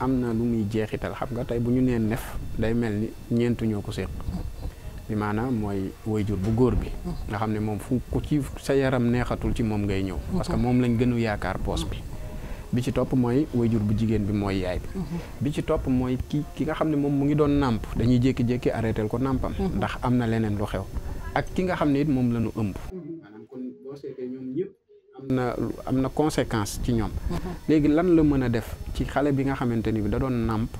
am na lu muy jeexital xam nga tey bu ñu neen nef day mel ni ñeentu ñoo ko séq bi maanaam mooy jur bu góor bi nga xam ne moom fu ku ci sa yaram neexatul ci moom ngay ñëw parce que moom lañ gënu yaakaar poos bi bi ci topp mooy jur bu jigéen bi mooy yaay bi bi ci topp mooy ki ki nga xam ne moom mu ngi doon nàmp dañuy jékki-jékki arrêté ko nàmpam mm-hmm. ndax am na leneen lu xew ak ki nga xam ne it moom la ñu ëmb am na conséquence ci ñoom. Mm-hmm. léegi lan la mën a def ci xale bi nga xamante ni bi da doon nàmp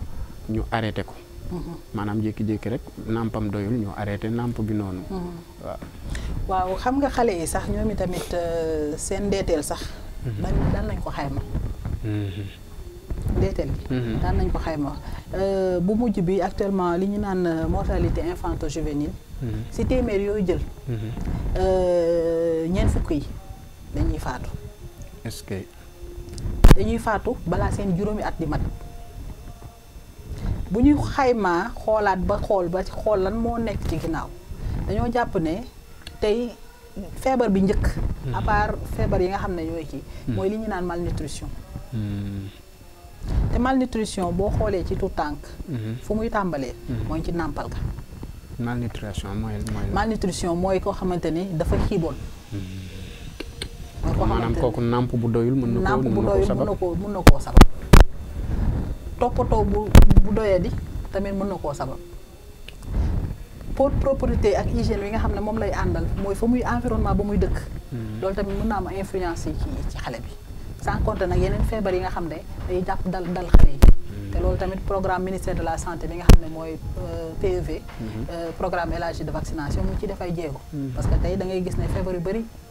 ñu arrêté ko. Mm-hmm. maanaam jékki-jékki rek nàmpam doyul ñu arrêté nàmp bi noonu. Mm-hmm. waaw xam nga xale yi sax ñoom tamit euh, seen ndeeteel sax. lan nañ ko xayma. ndeeteel bi. daan nañ ko xayma euh, bu mujj bi actuellement li ñu naan euh, mortalité infanto juvénile. si téeméer yooyu jël. ñeent fukk yi. dañuy faatu. est que. dañuy faatu balaa seen juróomi at di mat bu ñuy xaymaa xoolaat ba xool ba xool lan moo nekk ci ginnaaw dañoo jàpp ne tey feebar bi njëkk. Hmm. à feebar yi nga xam ne ñooy kii. Hmm. mooy li ñu naan malnutrition. Hmm. te malnutrition boo xoolee ci tout tànk. fu muy tàmbalee. mooy ci nàmpal ga. malnutrition mooy mooy. malnutrition mooy koo xamante ni dafa xiiboon. boo xamante maanaam kooku nàmp bu doyul mën na koo mën na koo mën na koo sabab toppatoo bu bu doyee di tamit mën na koo sabab pour propriété ak hygiène yi nga xam ne moom lay àndal mooy fa muy environnement ba muy dëkk hmm. loolu tamit mën naa am influence yi ci xale bi sans compter nag yeneen feebar yi nga xam ne day jàpp dal dal xale yi hmm. te loolu tamit programme ministère de la santé bi nga xam ne mooy PEV euh, e hmm. euh, programme élargi de vaccination mu ci def ay jéego parce que tey da ngay gis ne feebar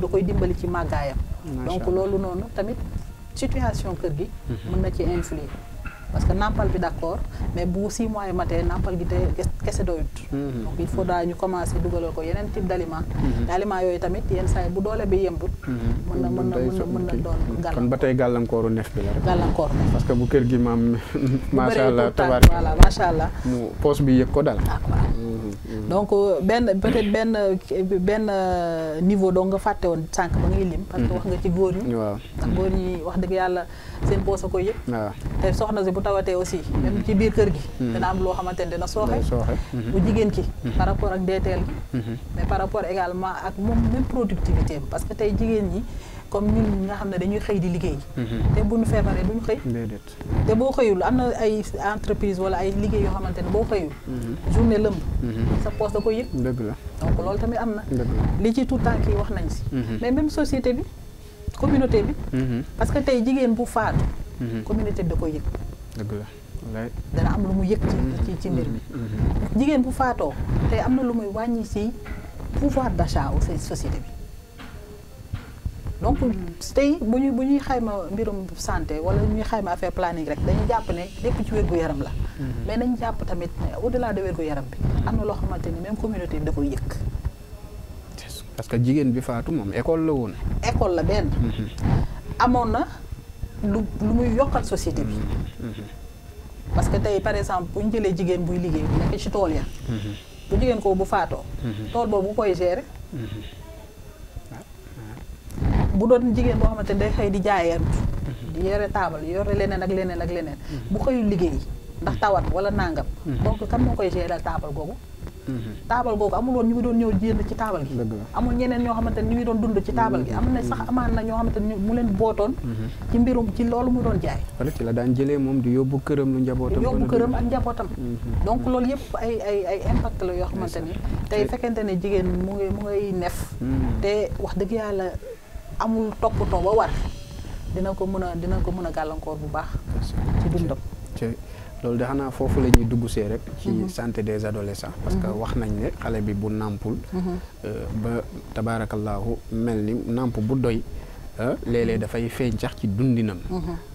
da koy dimbali ci màggaayam donc loolu noonu tamit situation kër gi mhm. mën na ci influer parce que nàmpal bi d'accord mais bu six mois yi matee nàmpal gi te kese doyut mhm. il faut daa ñu commencer dugalal ko yeneen type d'aliments mhm. aliments yooyu tamit yenn saa bu doolee bi yembut mhm. mën na mën na mën na doon gàllankoor gàllankooru neef bi la rek gàllankoor parce que bu kër gi maam macha allah tabaar allah mu bi yëg ko dal ah, donc euh, benn peut-être benn benn euh, niveau doo nga fàtte woon sànq ba ngay lim parce que wax nga ci góor yi waaw ndax góor ñi wax dëgg yàlla seen poche a ko yëg te tawatee aussi même ci biir kër gi hmm. dina am loo xamante ne dina sooxe hmm. Hmm. bu jigéen ki par rapport ak deeteel gi mais par rapport également ak moom même productivité parce que tey jigéen ñi comme ñun nga xam ne dañuy xëy di liggéey te bu ñu feebaree duñ xëy te boo xëyul am na ay entreprise wala ay liggéey yoo xamante ne boo xëyul journée sa poos da koy yëg la donc loolu tamit am na li ci tout temps kii wax nañ si mais société bi communauté bi parce que tey jigéen bu faatu communauté bi da koy yëg dëgg la dana am lu mu yëg ci mm-hmm. ci mbir mi. Mm-hmm. jigéen bu faatoo tey am na lu muy wàññi ci pouvoir d'achat aussi société bi donc tey bu ñuy bu ñuy xayma mbirum santé wala ñuy xayma affaire planning rek dañuy jàpp ne lépp ci wérgu yaram la. Mm-hmm. mais nañ jàpp tamit au delà de wérgu yaram bi am na loo xamante ni même communauté bi da yëg. parce que jigéen bi faatu moom école la woon. école la benn. amoon na. lu lu muy yokkal société bi. Mm-hmm. Mm-hmm. parce que tey par exemple bu ñu jëlee jigéen buy liggéey bu nekk ci tool ya. Mm-hmm. bu jigéen ko bu faatoo. tool boobu bu koy gérer. bu doon jigéen boo xamante ne day xëy di jaayantu. di yore taabal yore leneen ak leneen ak leneen. bu xëyul liggéey ndax tawat wala nàngam donc kan moo koy gérer taabal googu. Mhm. taabal googu amul woon ñu ngi doon ñëw jënd ci taabal gi amul ñeneen ñoo xamante ne ñu ngi doon dund ci taabal gi amul na sax mhm. amaan na ñoo xamante ne mu leen bootoon mhm. ci mbirum ci loolu mu doon jaay wala ci la daan jëlee moom di yóbbu këram lu njabootam yóbbu këram ak njabootam donc loolu yëpp ay ay ay impact la yoo xamante ni tey fekkente ne jigéen mu ngi mu ngay nef te wax dëgg yàlla amul toppatoo ba war dina ko mën a dina ko mën a gàllankoor bu baax ci dundam loolu de xanaa foofu la dugg sé rek. ci mhm. santé des adolescents parce que mhm. wax nañ né xalé bi bu nàmpul. Mhm. Euh, ba tabarakallah melni namp bu doy. Euh, lélé da fay feeñ sax ci dundinam.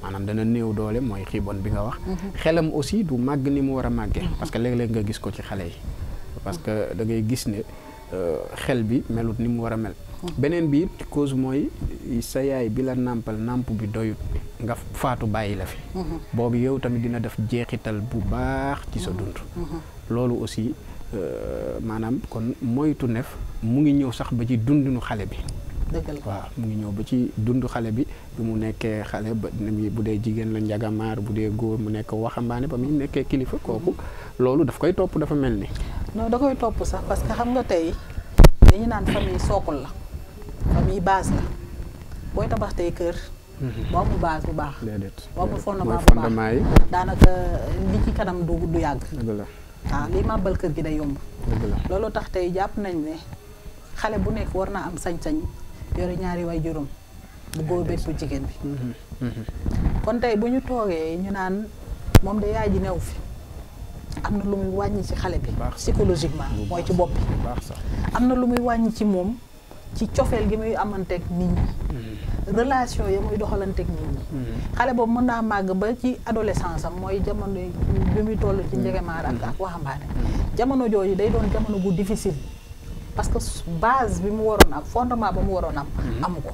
manam dana néew doole moy xibon bi nga wax. xelam aussi du mag ni mo wara a parce que lég lég nga gis ko ci xalé yi. parce que da ngay gis né Euh, xel bi melut ni mu war a mel. beneen bi it cause mooy sa yaay bi la nàmpal nàmp bi doyut nga faatu bàyyi la fi. boobu yow tamit dina def jeexital bu baax ci sa dund. loolu aussi euh, maanaam kon moytu nef mu ngi ñëw sax ba ci dundinu xale bi. waaw mu ngi ñëw ba ci dund xale bi bi mu nekkee xale ba bu dee jigéen la njagamaar bu dee góor mu nekk waxambaane ba muy nekkee kilifa kooku loolu daf koy topp dafa mel ni non da koy topp sax parce que xam nga tey dañu naan famille sookul la famille base la booy tabax tey kër mhm. boo amul base bu baax boo amul fondement bu daanaka li ci kanam du du yàgg waaw ah, lii màbbal kër gi day yomb looloo tax tey jàpp nañ ne xale bu nekk war naa am sañ-sañ yore ñaari way juróom bu góor jigéen bi mm-hmm. Mm-hmm. kon tey bu ñu toogee ñu naan moom de yaay ji new fi am na lu muy wàññi ci xale bi psychologiquement mooy ci bopp bi am na lu muy wàññi ci moom ci cofeel gi muy amanteeg nit ñi mm-hmm. relation ya muy doxalanteeg nit ñi xale boobu mën naa màgg ba ci adolescence am mooy jamono bi muy toll ci njegemaar ak waxambaane jamono jooju day doon jamono bu difficile parce que base bi mu waroon am fondement ba mu waroon am. Mhm. amu ko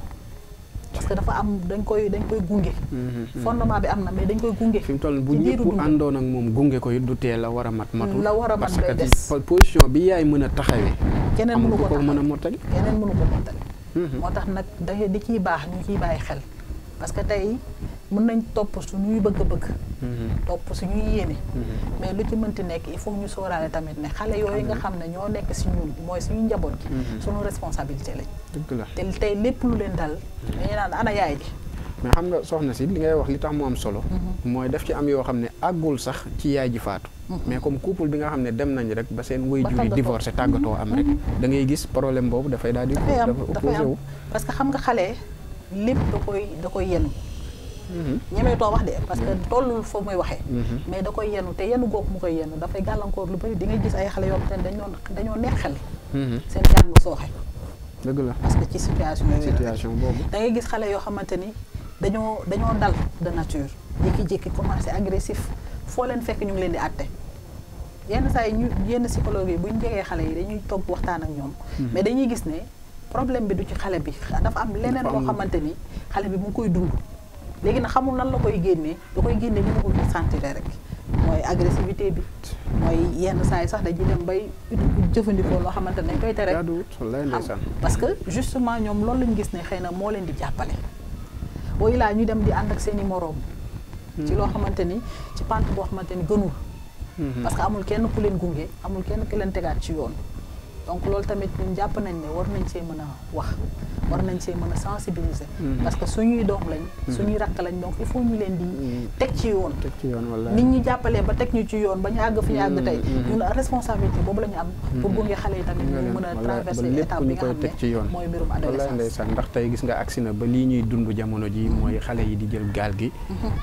parce que dafa am dañ koy dañ koy gunge. Mhm. fondement bi am na mais dañ koy gunge. fi mu toll bu ñëpp àndoon ak moom gunge ko du tee la war a mat. matul la war a mat day des parce que position bi yaay mën a taxawee. keneen mënu ko taxawee mën a mottali. keneen mënu ko mottali. Mhm. moo tax nag da di ciy baax ñu ciy bàyyi xel parce tey mën nañ topp suñuy bëgg-bëgg. Mhm. topp suñuy yéene. Mhm. mais lu ci mënti nekk il faut ñu sóoraale tamit ne xale yooyu nga mhm. xam ne ñoo nekk si ñun mooy suñu njaboot gi. suñu responsabilité lañ. dëgg la te tey lépp lu leen dal. dañuy naan ana yaay ji. mais xam nga soxna si li ngay wax li tax mu am solo. mooy def ci am yoo xam ne àggul sax ci yaay ji faatu. mais comme couple bi nga xam ne dem nañ rek ba seen waajur yi divorcé tàggatoo am rek. da ngay gis problème boobu dafay daal di. dafay am dafay am parce que xam nga xale lépp da koy da ñemee too wax de parce que mm-hmm. tollul fa muy waxee mm-hmm. mais da koy yenu te yenu googu mu koy yenu dafay gàllankoor lu bëri di ngay gis ay xale yoo xam ne dañoo dañoo mm-hmm. seen jàng sooxe dëgg la parce que ci situation situation boobu da ngay gis xale yoo xamante ni dañoo dañoo dal de nature jékki-jékki commencé agressif foo leen fekk ñu ngi leen di àtte yenn saa yi ñu yenn psychologue yi bu ñu jegee xale yi dañuy toog waxtaan ak ñoom mais dañuy gis ne problème bi du ci xale bi dafa am leneen loo xamante ni xale bi bu koy dund léegi nag xamul nan la koy génnee da koy génnee ni ma ko sentir rek mooy agressivité bi mooy yenn saa yi sax dañuy dem bay jëfandikoo loo xamante ne dañ koy tere xam parce que justement ñoom loolu lañu gis ne xëy na moo leen di jàppale wayu laa ñu dem di ànd ak seen i moroom ci loo xamante ni ci pant boo xamante ni gënul mm-hmm. parce que amul kenn ku leen gunge amul kenn ki leen tegaat ci yoon donc loolu tamit ñun jàpp nañ ne war nañ see mën a wax war nañ see mën a sensibiliser. Mm-hmm. parce que suñuy doom lañ. Mm-hmm. suñuy rakk lañ donc i faut ñu leen di mm-hmm. teg ci yoon. ci yoon wala nit ñi jàppalee ba teg ñu ci yoon ba ñu àgg fi ñu àgg tey. ñun responsabilité boobu la ñu am. pour gunge xale yi tamit ñu mën a traverser étape bi nga xam ne mooy mbirum adolescence. ndax tey gis nga agsi na ba lii ñuy dund jamono ji mooy xale yi di jël gaal gi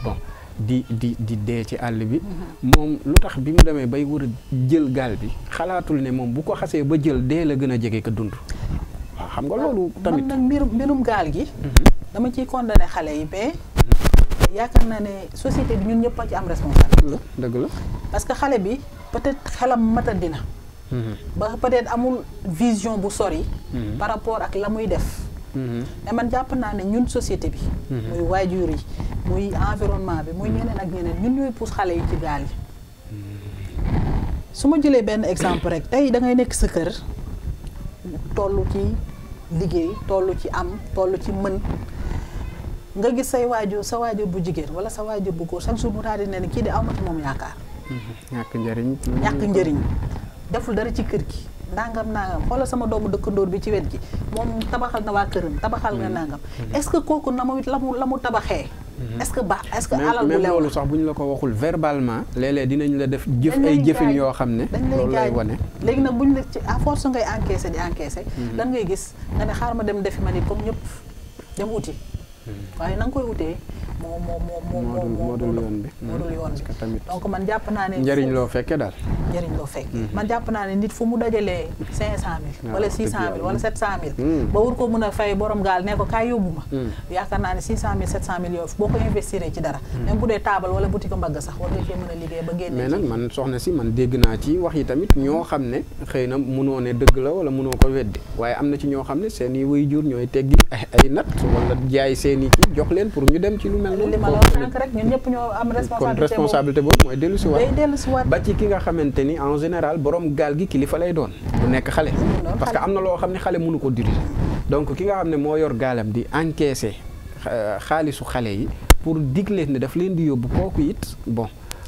bon. di di di dee ci àll bi mhm. moom lu tax bi mu demee bay war a jël gaal bi xalaatul ne moom bu ko xasee ba jël dee la gën a jege ko dund waaw xam nga loolu tamit man nag mbirum gaal gi mhm. dama ciy condamné xale yi mais yaakaar naa ne société bi ñun ñëpp a ci am responsable dëgg la parce que xale bi peut-être xelam mata dina mhm. ba peut-être amul vision bu sori par rapport ak la muy def mais mm-hmm. man jàpp naa ne ñun société bi. Mm-hmm. muy waajur yi muy environnement bi muy ñeneen ak ñeneen ñun ñuy pousse xale yi ci gaal yi. Mm-hmm. su ma jëlee benn exemple rek tey da nekk sa kër tollu ci liggéey toll ci am toll ci mën. nga gis say waajur sa waajur bu jigéen wala sa waajur bu góor chaque jour mu daal di ne kii di aw ma moom yaakaar. ñàkk njëriñ. ñàkk njëriñ deful dara ci kër gi. nangam nangam xoolal sama doomu dëkkandoor bi ci wet gi moom tabaxal na waa këram tabaxal nga mm. nangam est-ce kooku na mu la mu la mu tabaxee est ba que baax est-ce que alal bu lew loolu sax la ko waxul verbalement léeg-léeg dinañ la def jëf ay jëfin yoo xam ne loolu lay wone léegi nag buñ la ci à force ngay encaisser di encaisser mm-hmm. lan ngay gis nga ne xaar ma dem defi ma ni comme ñëpp dem uti mm-hmm. waaye na nga koy utee moo moo moo moo dul yoon bi moo dul yoon bi tamit donc man jàpp naa ne njëriñ loo fekkee daal njëriñ loo fekkee mhm. man jàpp naa ne nit fu mu dajalee cinq cent mille wala six cent mille wala sept cent mille mhm. ba wur ko mën a fay borom gaal ne ko kaay yóbbu ma mhm. yaakaar naa ne six cent mille sept cent mille yooyu boo ko investir ci dara même bu dee taabal wala boutique mbagg sax war nga cee mën a liggéey ba génne mais nag man soxna si man dégg naa ci wax yi tamit ñoo xam ne xëy na munoo ne dëgg la wala munoo ko weddi waaye am na ci ñoo xam ne seen i waajur ñooy teggi ay nat wala jaay seen i ci jox leen pour ñu dem ci lu mel li ma la wax rek ñun ñëpp ñoo am responsabilité responsabilité boobu mooy dellu si waat ba ci ki nga xamanteni en général borom gaal gi kilifa lay doon bu nekk xalé parce que amna lo xamni xalé mënu ko diriger donc ki nga xam mo yor galam di encaisser euh, xaalisu xalé yi pour dig ne daf leen di yobbu kokku it bon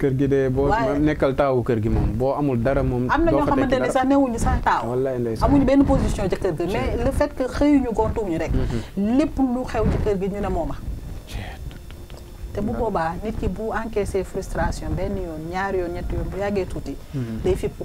kër gi de boo nekkal taawu kër gi moom boo amul dara moom. am na ñoo xamante ne sax newuñu sax taaw. wallaay ndeysaan amuñu benn position ci kër gi mais le fait que xëyuñu ñu rek. Mm-hmm. lépp lu xew ci kër gi ñu ne mooma. te bu boobaa nit ki bu encaissé frustration benn yoon ñaari yoon ñetti yoon bu yàggee tuuti. Mm-hmm. day fippu.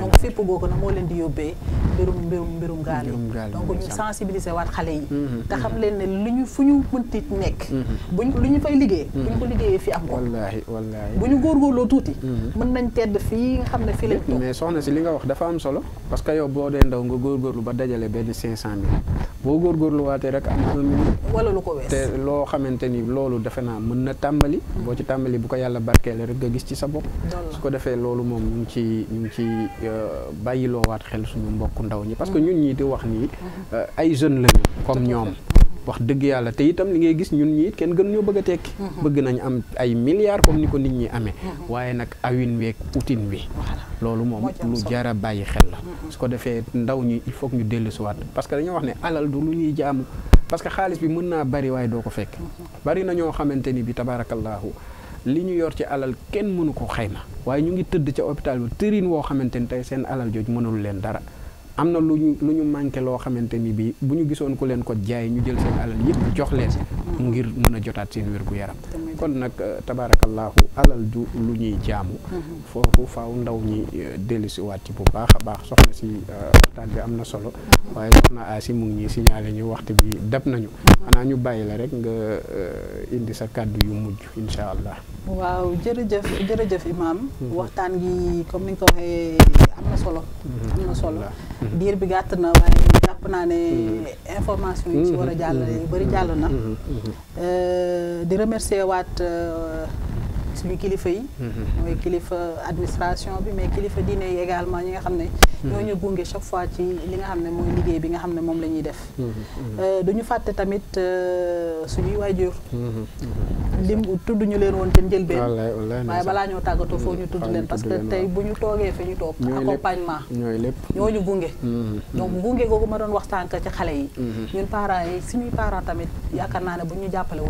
donc fépp googu nag moo leen di yóbbee mbirum mbirum mbirum gaal yi donc ñu sensibiliser waat xale yi mm-hmm, te xam mm-hmm. leen ne lu ñu fu ñu mënti nekk bu mm-hmm. buñ lu ñu fay liggéey buñ ko liggéeyee fii am ko wallaahi wallaahi bu ñu góorgóorloo tuuti mën nañ tedd fii nga xam ne fi lañ toog mais soxna si li nga wax dafa am solo parce que yow boo dee ndaw nga góor góorlu ba dajalee benn cinq cent mille boo góorgóorluwaatee rek am un minute wala lu ko wees te loo xamante ni loolu defe naa mën na tàmbali boo ci tàmbali bu ko yàlla barkeele rek a gis ci sa bopp su ko defee loolu moom ñu ngi ci ñu ngi ci euh, bàyyiloowaat xel suñu mbokk ndaw ñi parce que ñun ñii di wax nii mm-hmm. euh, ay jeunes lañu comme ñoom wax dëgg yàlla te itam li ngay gis ñun ñi kenn gën ñoo bëgg a tekki. Mhm. bëgg nañu am ay milliards comme ni ko nit ñi amee. Mhm. waaye nag awin week utin wi. loolu moom lu jar a bàyyi xel la. Mhm. su ko defee ndaw ñi il faut ñu dellusiwaat parce que dañoo wax ne alal du lu ñuy jaamu parce que xaalis bi mën naa bari waaye doo ko fekk. bari na ñoo xamante ni bi tabaarakallaahu li ñu yor ci alal kenn mënu ko xayma waaye ñu ngi tëdd ca hôpital bi tërin woo xamante ni tey seen alal jooju mënul leen dara. amna luñu luñu manké lo xamanteni bi buñu ñu gisoon ku ko jaay ñu jël seen alal yépp jox leen ngir mëna jotaat seen wër gu yaram kon nak euh, tabarakallah alal du lu jaamu mm-hmm. fofu faaw ndaw ñi euh, wat ci bu baax baax soxna si euh, waxtaan bi amna solo mm-hmm. waye soxna Asi mu ngi signalé ñu waxti bi dab nañu mm-hmm. ana ñu bayila rek nga indi sa kàddu yu mujj inshallah waaw jërëjëf jërëjëf imam waxtaan gi comme ni ko amna solo am solo. diir mm-hmm. bi gàtt na waaye jàpp naa ne mm-hmm. information yi ci war a jàll yu mm-hmm. bëri jàll na. Euh, di remercier waat. Euh, suñu kilifa yi mm-hmm. mooy kilifa administration bi mais kilifa diine yi également ñi nga xam ne mm-hmm. ñoo ñu gunge chaque fois ci li nga xam ne mooy liggéey bi nga xam ne moom lañuy ñuy def mm-hmm. euh, duñu fàtte tamit euh, suñuy waajur lim tudd ñu leen woon te njëlbeen waaye balaa ñoo tàggatoo foofu ñu tudd leen parce que tey bu ñu toogee fi ñu toog accompagnement ñoo ñu gunge donc gunge googu ma doon waxtaan ka ci xale yi ñun parents yi suñuy parents tamit yaakaar naa ne bu ñu jàppale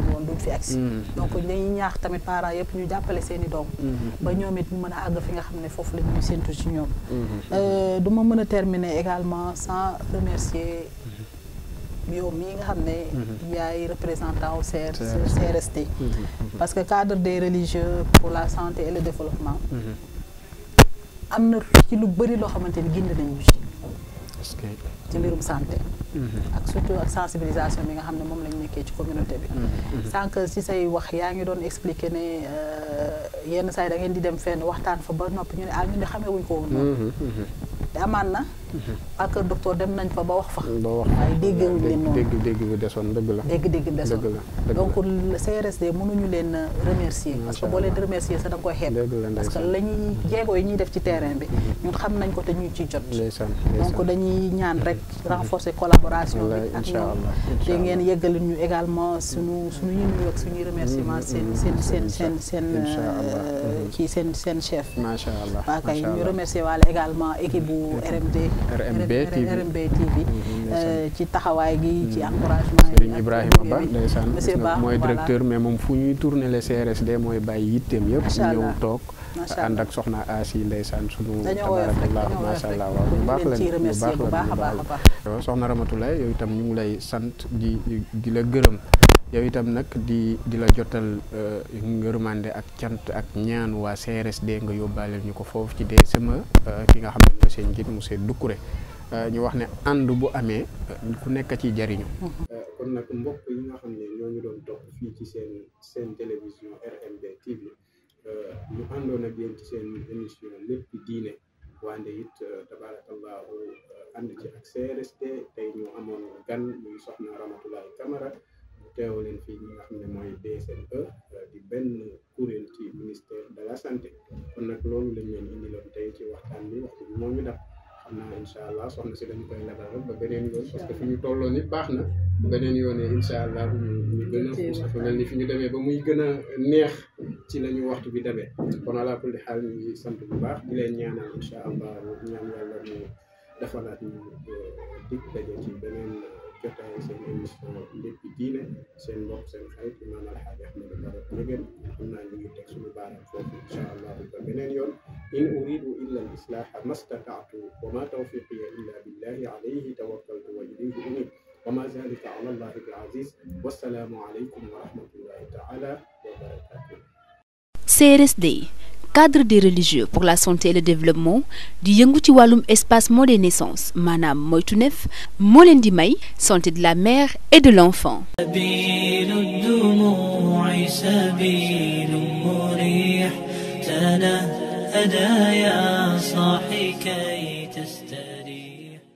jàppale seen i doom mhm. ba ñoom it ñu mën a àgg fi nga xam ne foofu la ñuy séntu ci ñoom mhm. euh, du ma mën terminer également sans remercier yow mhm. mii nga xam ne yaay représentant au CRST parce que cadre des religieux pour la santé et le développement am na ci lu bëri loo xamante ni gind nañu ci ci mbirum santé mhm. ak surtout ak sensibilisation bi nga xam ne lañ nekkee ci communauté bi mhm, mhm. sànq si say wax yaa doon expliquer euh, da ngeen di dem fenn waxtaan fa ba noppi ñu ne ah ñu ne wuñ ko woon ak ah, docteur dem nañ fa ba wax fa. ba wax fa dégg dégg bi desoon dëgg la. dégg dégg bi donc CRSD mënuñu len euh, remercier. parce que bo leen remercier sa da koy xeeb. parce que la jégo jéego yi ñuy def ci terrain bi. Mm-hmm. ñu xam nañ ko té ñu ci jot. donc dañuy ñaan rek mm-hmm. renforcer collaboration bi ak ñoom. te ngeen yeggali ñu également suñu suñu ñu ak suñuy remerciement sen mm-hmm. sen sen sen seen. Euh, kii sen sen chef. macha allah waaw kay ñu remercier wal également équipe bu RMD. RMB TV mm-hmm, euh, ci taxawaay gi ci mm-hmm. encouragement yi. Serigne Ibrahima Ba ndeysaan mooy directeur mais moom fu ñuy tourner les CRSD mooy bàyyi yitteem yëpp. ñëw toog. macha allah ànd ak soxna Asi ndeysaan sunu. dañoo woyof rek dañoo woyof baax la baax la baax a baax. soxna Ramatulaye yow itam ñu ngi lay sant di di la gërëm. yow itam nak di eh, di la jotal ngërmande ak tiant ak ñaan wa CRSD nga yobale ñuko fofu foofu ci DSME ki nga xam ne mooy seen njiit monsieur Doucouré ñu wax né and bu amé eh, ku nekk ci jariñu eh, kon nak mbokk yi nga xamné ñoo ñu doon top fi ci seen seen télévision RMB TV euh ñu àndoon ak yéen ci seen émission lépp diiné wande it tabarakallah and ci ak CRSD tay ñu amono gan muy soxna Ramatoulaye Camara teew leen fii ñi xam ne mooy DSME euh, di benn kuréel ci ministère de la santé kon nag loolu lañ leen indiloon tey ci waxtaan bi waxtu bi moom mi daf xam naa incha allah soxna si dañ koy lebal rek parce que fi ñu tolloon it baax na bu beneen yoonee incha allah a xuus dafa mel ni fi ñu demee ba muy gën a neex ci la waxtu bi demee kon ala kulli xaal ñu sant bu baax di leen ñaanal incha allah ñaan yàlla ñu defalaat ñu euh, dig daje ci beneen كده إيه سين إن شاء الله بدينا سين بوك سين خيط إمام أريد إلا الإصلاح ما استطعت وما توفيقي إلا بالله عليه توكلت وإليه أنيب وما ذلك على الله العزيز والسلام عليكم ورحمة الله تعالى وبركاته. دي cadre des religieux pour la santé et le développement du Yunguti Walum Espace espacement des Naissance, Manam Moitunef, Molendi santé de la mère et de l'enfant